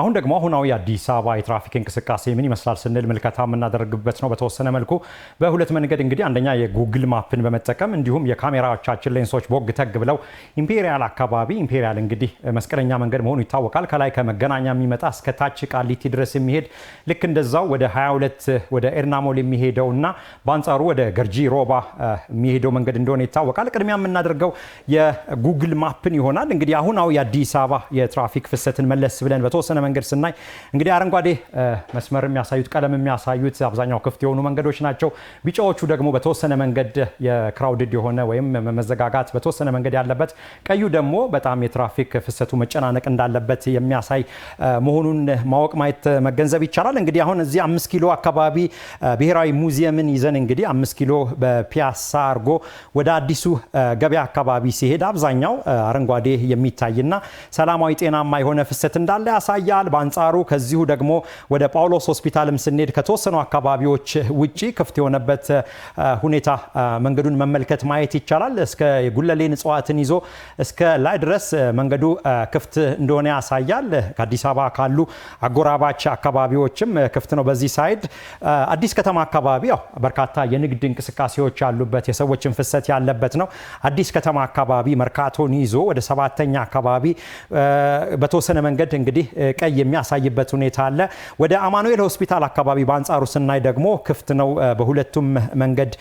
አሁን ደግሞ አሁናዊ የአዲስ አበባ የትራፊክ እንቅስቃሴ ምን ይመስላል ስንል ምልከታ የምናደርግበት ነው። በተወሰነ መልኩ በሁለት መንገድ እንግዲህ አንደኛ የጉግል ማፕን በመጠቀም እንዲሁም የካሜራዎቻችን ሌንሶች ቦግ ተግ ብለው ኢምፔሪያል አካባቢ ኢምፔሪያል እንግዲህ መስቀለኛ መንገድ መሆኑ ይታወቃል። ከላይ ከመገናኛ የሚመጣ እስከ ታች ቃሊቲ ድረስ የሚሄድ ልክ እንደዛው ወደ 22 ወደ ኤርናሞል የሚሄደው እና በአንጻሩ ወደ ገርጂ ሮባ የሚሄደው መንገድ እንደሆነ ይታወቃል። ቅድሚያ የምናደርገው የጉግል ማፕን ይሆናል። እንግዲህ አሁናዊ የአዲስ አበባ የትራፊክ ፍሰትን መለስ ብለን በተወሰነ መንገድ ስናይ እንግዲህ አረንጓዴ መስመር የሚያሳዩት ቀለም የሚያሳዩት አብዛኛው ክፍት የሆኑ መንገዶች ናቸው። ቢጫዎቹ ደግሞ በተወሰነ መንገድ የክራውድድ የሆነ ወይም መዘጋጋት በተወሰነ መንገድ ያለበት፣ ቀዩ ደግሞ በጣም የትራፊክ ፍሰቱ መጨናነቅ እንዳለበት የሚያሳይ መሆኑን ማወቅ ማየት መገንዘብ ይቻላል። እንግዲህ አሁን እዚህ አምስት ኪሎ አካባቢ ብሔራዊ ሙዚየምን ይዘን እንግዲህ አምስት ኪሎ በፒያሳ አድርጎ ወደ አዲሱ ገበያ አካባቢ ሲሄድ አብዛኛው አረንጓዴ የሚታይና ሰላማዊ ጤናማ የሆነ ፍሰት እንዳለ ያሳያል። ይችላል። በአንጻሩ ከዚሁ ደግሞ ወደ ጳውሎስ ሆስፒታልም ስንሄድ ከተወሰኑ አካባቢዎች ውጪ ክፍት የሆነበት ሁኔታ መንገዱን መመልከት ማየት ይቻላል። እስከ የጉለሌን እጽዋትን ይዞ እስከ ላይ ድረስ መንገዱ ክፍት እንደሆነ ያሳያል። ከአዲስ አበባ ካሉ አጎራባች አካባቢዎችም ክፍት ነው። በዚህ ሳይድ አዲስ ከተማ አካባቢ ያው በርካታ የንግድ እንቅስቃሴዎች ያሉበት የሰዎችን ፍሰት ያለበት ነው። አዲስ ከተማ አካባቢ መርካቶን ይዞ ወደ ሰባተኛ አካባቢ በተወሰነ መንገድ እንግዲህ እንደሚሰቃይ የሚያሳይበት ሁኔታ አለ። ወደ አማኑኤል ሆስፒታል አካባቢ በአንጻሩ ስናይ ደግሞ ክፍት ነው በሁለቱም መንገድ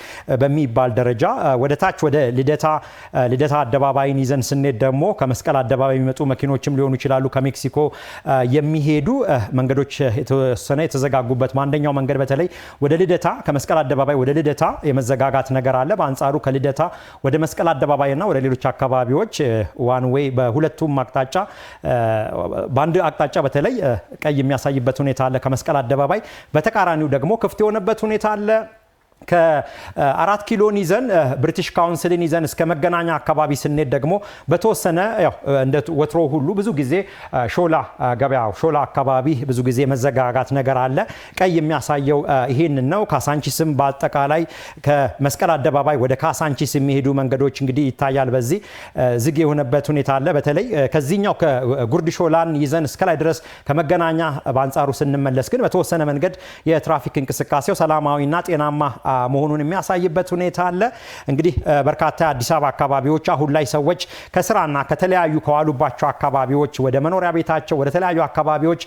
በሚባል ደረጃ። ወደ ታች ወደ ልደታ ልደታ አደባባይን ይዘን ስንሄድ ደግሞ ከመስቀል አደባባይ የሚመጡ መኪኖችም ሊሆኑ ይችላሉ ከሜክሲኮ የሚሄዱ መንገዶች የተወሰነ የተዘጋጉበት በአንደኛው መንገድ በተለይ ወደ ልደታ ከመስቀል አደባባይ ወደ ልደታ የመዘጋጋት ነገር አለ። በአንጻሩ ከልደታ ወደ መስቀል አደባባይና ወደ ሌሎች አካባቢዎች ዋን ዌይ በሁለቱም አቅጣጫ በአንድ አቅጣጫ በተለይ ቀይ የሚያሳይበት ሁኔታ አለ ከመስቀል አደባባይ። በተቃራኒው ደግሞ ክፍት የሆነበት ሁኔታ አለ። ከአራት ኪሎን ይዘን ብሪቲሽ ካውንስልን ይዘን እስከ መገናኛ አካባቢ ስንሄድ ደግሞ በተወሰነ እንደ ወትሮ ሁሉ ብዙ ጊዜ ሾላ ገበያ ሾላ አካባቢ ብዙ ጊዜ መዘጋጋት ነገር አለ። ቀይ የሚያሳየው ይህን ነው። ካሳንቺስም በአጠቃላይ ከመስቀል አደባባይ ወደ ካሳንቺስ የሚሄዱ መንገዶች እንግዲህ ይታያል። በዚህ ዝግ የሆነበት ሁኔታ አለ። በተለይ ከዚህኛው ከጉርድ ሾላን ይዘን እስከ ላይ ድረስ ከመገናኛ በአንጻሩ ስንመለስ ግን በተወሰነ መንገድ የትራፊክ እንቅስቃሴው ሰላማዊና ጤናማ መሆኑን የሚያሳይበት ሁኔታ አለ። እንግዲህ በርካታ የአዲስ አበባ አካባቢዎች አሁን ላይ ሰዎች ከስራና ከተለያዩ ከዋሉባቸው አካባቢዎች ወደ መኖሪያ ቤታቸው ወደ ተለያዩ አካባቢዎች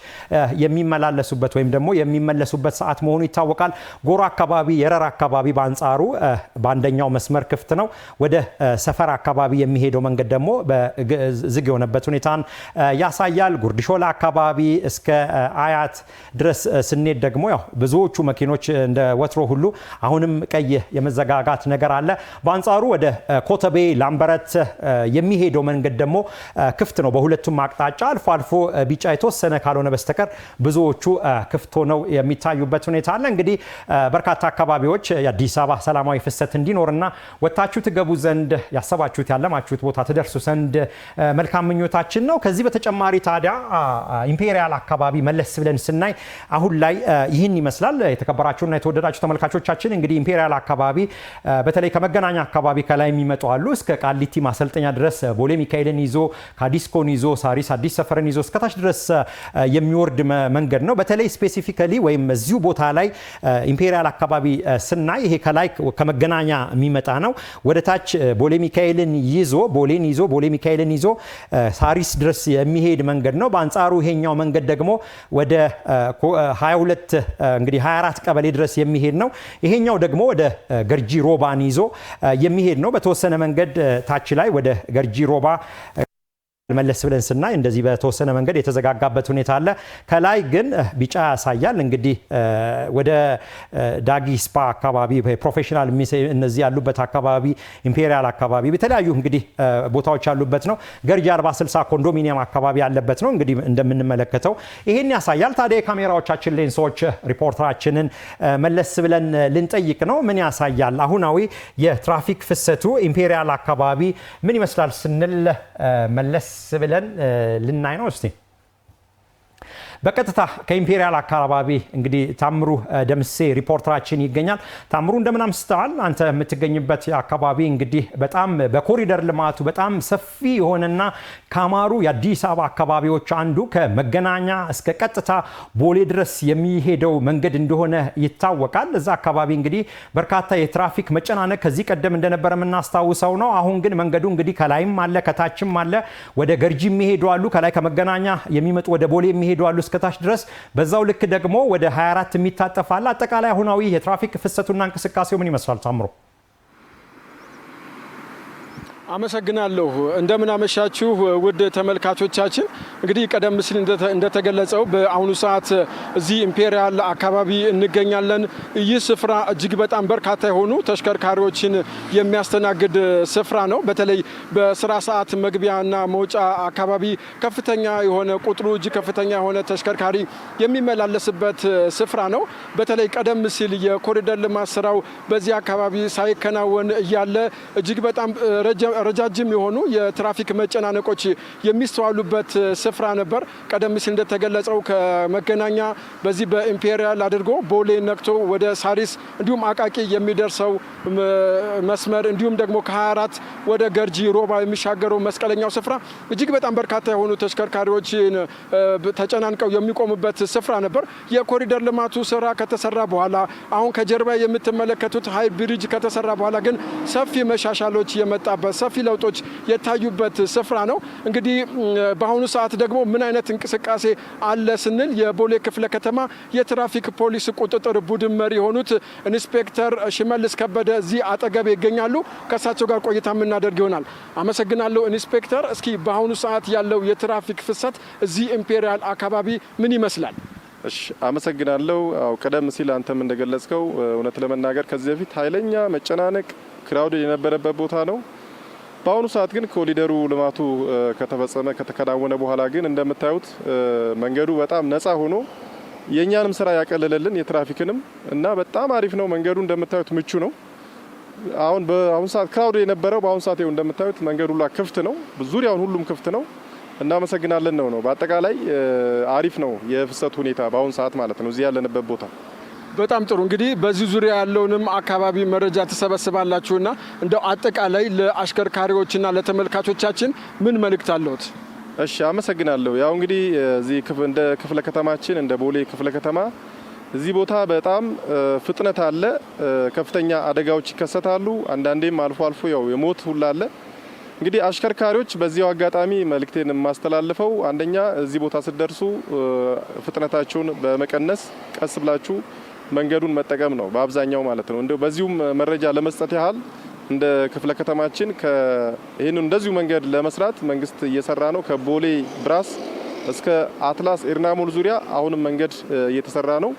የሚመላለሱበት ወይም ደግሞ የሚመለሱበት ሰዓት መሆኑ ይታወቃል። ጎሮ አካባቢ፣ የረር አካባቢ በአንጻሩ በአንደኛው መስመር ክፍት ነው። ወደ ሰፈር አካባቢ የሚሄደው መንገድ ደግሞ ዝግ የሆነበት ሁኔታን ያሳያል። ጉርድሾላ አካባቢ እስከ አያት ድረስ ስንሄድ ደግሞ ያው ብዙዎቹ መኪኖች እንደ ወትሮ ሁሉ አሁንም ቀይ የመዘጋጋት ነገር አለ። በአንጻሩ ወደ ኮተቤ ላምበረት የሚሄደው መንገድ ደግሞ ክፍት ነው በሁለቱም አቅጣጫ። አልፎ አልፎ ቢጫ የተወሰነ ካልሆነ በስተቀር ብዙዎቹ ክፍት ሆነው የሚታዩበት ሁኔታ አለ። እንግዲህ በርካታ አካባቢዎች የአዲስ አበባ ሰላማዊ ፍሰት እንዲኖርና ወታችሁ ትገቡ ዘንድ ያሰባችሁት ያለማችሁት ቦታ ትደርሱ ዘንድ መልካም ምኞታችን ነው። ከዚህ በተጨማሪ ታዲያ ኢምፔሪያል አካባቢ መለስ ብለን ስናይ አሁን ላይ ይህን ይመስላል። የተከበራችሁና የተወደዳችሁ ተመልካቾቻችን እንግዲህ ኢምፔሪያል አካባቢ በተለይ ከመገናኛ አካባቢ ከላይ የሚመጡ አሉ እስከ ቃሊቲ ማሰልጠኛ ድረስ ቦሌ ሚካኤልን ይዞ ካዲስኮን ይዞ ሳሪስ አዲስ ሰፈርን ይዞ እስከታች ድረስ የሚወርድ መንገድ ነው። በተለይ ስፔሲፊካሊ ወይም እዚሁ ቦታ ላይ ኢምፔሪያል አካባቢ ስናይ ይሄ ከላይ ከመገናኛ የሚመጣ ነው። ወደ ታች ቦሌ ሚካኤልን ይዞ ቦሌን ይዞ ቦሌ ሚካኤልን ይዞ ሳሪስ ድረስ የሚሄድ መንገድ ነው። በአንጻሩ ይሄኛው መንገድ ደግሞ ወደ 22 እንግዲህ 24 ቀበሌ ድረስ የሚሄድ ነው። ይሄኛው ደግሞ ወደ ገርጂ ሮባን ይዞ የሚሄድ ነው። በተወሰነ መንገድ ታች ላይ ወደ ገርጂ ሮባ መለስ ብለን ስናይ እንደዚህ በተወሰነ መንገድ የተዘጋጋበት ሁኔታ አለ። ከላይ ግን ቢጫ ያሳያል። እንግዲህ ወደ ዳጊ ስፓ አካባቢ ፕሮፌሽናል እነዚህ ያሉበት አካባቢ ኢምፔሪያል አካባቢ የተለያዩ እንግዲህ ቦታዎች ያሉበት ነው። ገርጂ 460 ኮንዶሚኒየም አካባቢ ያለበት ነው። እንግዲህ እንደምንመለከተው ይህን ያሳያል። ታዲያ የካሜራዎቻችን ሌንሶች ሪፖርተራችንን መለስ ብለን ልንጠይቅ ነው። ምን ያሳያል? አሁናዊ የትራፊክ ፍሰቱ ኢምፔሪያል አካባቢ ምን ይመስላል ስንል መለስ ብለን ልናይ ነው እስቲ በቀጥታ ከኢምፔሪያል አካባቢ እንግዲህ ታምሩ ደምሴ ሪፖርተራችን ይገኛል። ታምሩ እንደምን አምስተዋል። አንተ የምትገኝበት አካባቢ እንግዲህ በጣም በኮሪደር ልማቱ በጣም ሰፊ የሆነና ከአማሩ የአዲስ አበባ አካባቢዎች አንዱ ከመገናኛ እስከ ቀጥታ ቦሌ ድረስ የሚሄደው መንገድ እንደሆነ ይታወቃል። እዛ አካባቢ እንግዲህ በርካታ የትራፊክ መጨናነቅ ከዚህ ቀደም እንደነበረ የምናስታውሰው ነው። አሁን ግን መንገዱ እንግዲህ ከላይም አለ ከታችም አለ። ወደ ገርጂ የሚሄዱ አሉ፣ ከላይ ከመገናኛ የሚመጡ ወደ ቦሌ የሚሄዱ አሉ እስከታች ድረስ በዛው ልክ ደግሞ ወደ 24 የሚታጠፋል። አጠቃላይ አሁናዊ የትራፊክ ፍሰቱና እንቅስቃሴው ምን ይመስላል ታምሮ? አመሰግናለሁ። እንደምን አመሻችሁ ውድ ተመልካቾቻችን። እንግዲህ ቀደም ሲል እንደተገለጸው በአሁኑ ሰዓት እዚህ ኢምፔሪያል አካባቢ እንገኛለን። ይህ ስፍራ እጅግ በጣም በርካታ የሆኑ ተሽከርካሪዎችን የሚያስተናግድ ስፍራ ነው። በተለይ በስራ ሰዓት መግቢያና መውጫ አካባቢ ከፍተኛ የሆነ ቁጥሩ እጅግ ከፍተኛ የሆነ ተሽከርካሪ የሚመላለስበት ስፍራ ነው። በተለይ ቀደም ሲል የኮሪደር ልማት ስራው በዚህ አካባቢ ሳይከናወን እያለ እጅግ በጣም ረጅም ረጃጅም የሆኑ የትራፊክ መጨናነቆች የሚስተዋሉበት ስፍራ ነበር። ቀደም ሲል እንደተገለጸው ከመገናኛ በዚህ በኢምፔሪያል አድርጎ ቦሌ ነቅቶ ወደ ሳሪስ እንዲሁም አቃቂ የሚደርሰው መስመር እንዲሁም ደግሞ ከ24 ወደ ገርጂ ሮባ የሚሻገረው መስቀለኛው ስፍራ እጅግ በጣም በርካታ የሆኑ ተሽከርካሪዎች ተጨናንቀው የሚቆሙበት ስፍራ ነበር። የኮሪደር ልማቱ ስራ ከተሰራ በኋላ አሁን ከጀርባ የምትመለከቱት ሀይ ብሪጅ ከተሰራ በኋላ ግን ሰፊ መሻሻሎች የመጣበት ሰፊ ለውጦች የታዩበት ስፍራ ነው። እንግዲህ በአሁኑ ሰዓት ደግሞ ምን አይነት እንቅስቃሴ አለ ስንል የቦሌ ክፍለ ከተማ የትራፊክ ፖሊስ ቁጥጥር ቡድን መሪ የሆኑት ኢንስፔክተር ሽመልስ ከበደ እዚህ አጠገብ ይገኛሉ። ከእሳቸው ጋር ቆይታ የምናደርግ ይሆናል። አመሰግናለሁ ኢንስፔክተር። እስኪ በአሁኑ ሰዓት ያለው የትራፊክ ፍሰት እዚህ ኢምፔሪያል አካባቢ ምን ይመስላል? እሺ አመሰግናለሁ። አው ቀደም ሲል አንተም እንደገለጽከው እውነት ለመናገር ከዚህ በፊት ኃይለኛ መጨናነቅ ክራውድ የነበረበት ቦታ ነው። በአሁኑ ሰዓት ግን ኮሊደሩ ልማቱ ከተፈጸመ ከተከናወነ በኋላ ግን እንደምታዩት መንገዱ በጣም ነፃ ሆኖ የእኛንም ስራ ያቀለለልን የትራፊክንም እና በጣም አሪፍ ነው። መንገዱ እንደምታዩት ምቹ ነው። አሁን በአሁኑ ሰዓት ክራውድ የነበረው በአሁኑ ሰዓት ው እንደምታዩት መንገዱ ላ ክፍት ነው። ዙሪያውን ሁሉም ክፍት ነው። እናመሰግናለን ነው ነው። በአጠቃላይ አሪፍ ነው የፍሰት ሁኔታ በአሁኑ ሰዓት ማለት ነው እዚህ ያለንበት ቦታ በጣም ጥሩ እንግዲህ በዚህ ዙሪያ ያለውንም አካባቢ መረጃ ትሰበስባላችሁና እንደው አጠቃላይ ለአሽከርካሪዎችና ለተመልካቾቻችን ምን መልእክት አለዎት? እሺ አመሰግናለሁ። ያው እንግዲህ እዚህ እንደ ክፍለ ከተማችን እንደ ቦሌ ክፍለ ከተማ እዚህ ቦታ በጣም ፍጥነት አለ፣ ከፍተኛ አደጋዎች ይከሰታሉ። አንዳንዴም አልፎ አልፎ ያው የሞት ሁላ አለ። እንግዲህ አሽከርካሪዎች በዚያው አጋጣሚ መልእክቴን የማስተላልፈው አንደኛ እዚህ ቦታ ስትደርሱ ፍጥነታችሁን በመቀነስ ቀስ ብላችሁ መንገዱን መጠቀም ነው በአብዛኛው ማለት ነው። እንደው በዚሁም መረጃ ለመስጠት ያህል እንደ ክፍለ ከተማችን ይህን እንደዚሁ መንገድ ለመስራት መንግስት እየሰራ ነው። ከቦሌ ብራስ እስከ አትላስ ኤርናሞል ዙሪያ አሁንም መንገድ እየተሰራ ነው።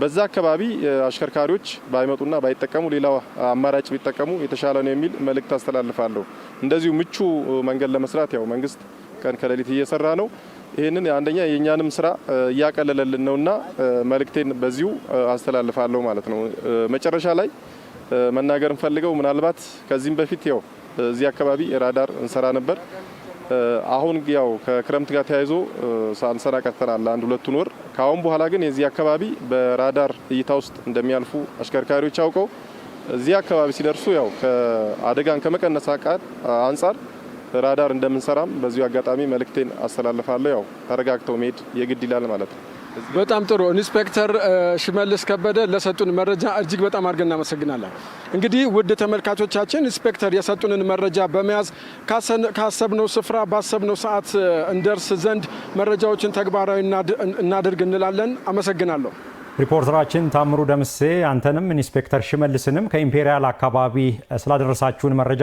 በዛ አካባቢ አሽከርካሪዎች ባይመጡና ባይጠቀሙ ሌላ አማራጭ ቢጠቀሙ የተሻለ ነው የሚል መልእክት አስተላልፋለሁ። እንደዚሁ ምቹ መንገድ ለመስራት ያው መንግስት ቀን ከሌሊት እየሰራ ነው። ይህንን አንደኛ የእኛንም ስራ እያቀለለልን ነውና መልእክቴን በዚሁ አስተላልፋለሁ ማለት ነው። መጨረሻ ላይ መናገር እንፈልገው ምናልባት ከዚህም በፊት ያው እዚህ አካባቢ ራዳር እንሰራ ነበር። አሁን ያው ከክረምት ጋር ተያይዞ ሳንሰራ ቀርተናል አንድ ሁለቱን ወር። ከአሁን በኋላ ግን የዚህ አካባቢ በራዳር እይታ ውስጥ እንደሚያልፉ አሽከርካሪዎች አውቀው እዚህ አካባቢ ሲደርሱ ያው አደጋን ከመቀነስ አንጻር ራዳር እንደምንሰራም በዚሁ አጋጣሚ መልእክቴን አስተላልፋለሁ። ያው ተረጋግተው መሄድ የግድ ይላል ማለት ነው። በጣም ጥሩ ኢንስፔክተር ሽመልስ ከበደ ለሰጡን መረጃ እጅግ በጣም አድርገን እናመሰግናለን። እንግዲህ ውድ ተመልካቾቻችን ኢንስፔክተር የሰጡንን መረጃ በመያዝ ካሰብነው ስፍራ ባሰብነው ሰዓት እንደርስ ዘንድ መረጃዎችን ተግባራዊ እናድርግ እንላለን። አመሰግናለሁ። ሪፖርተራችን ታምሩ ደምሴ አንተንም ኢንስፔክተር ሽመልስንም ከኢምፔሪያል አካባቢ ስላደረሳችሁን መረጃ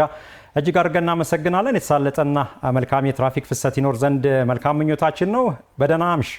እጅግ አድርገን እናመሰግናለን። የተሳለጠና መልካም የትራፊክ ፍሰት ይኖር ዘንድ መልካም ምኞታችን ነው። በደህና አምሽ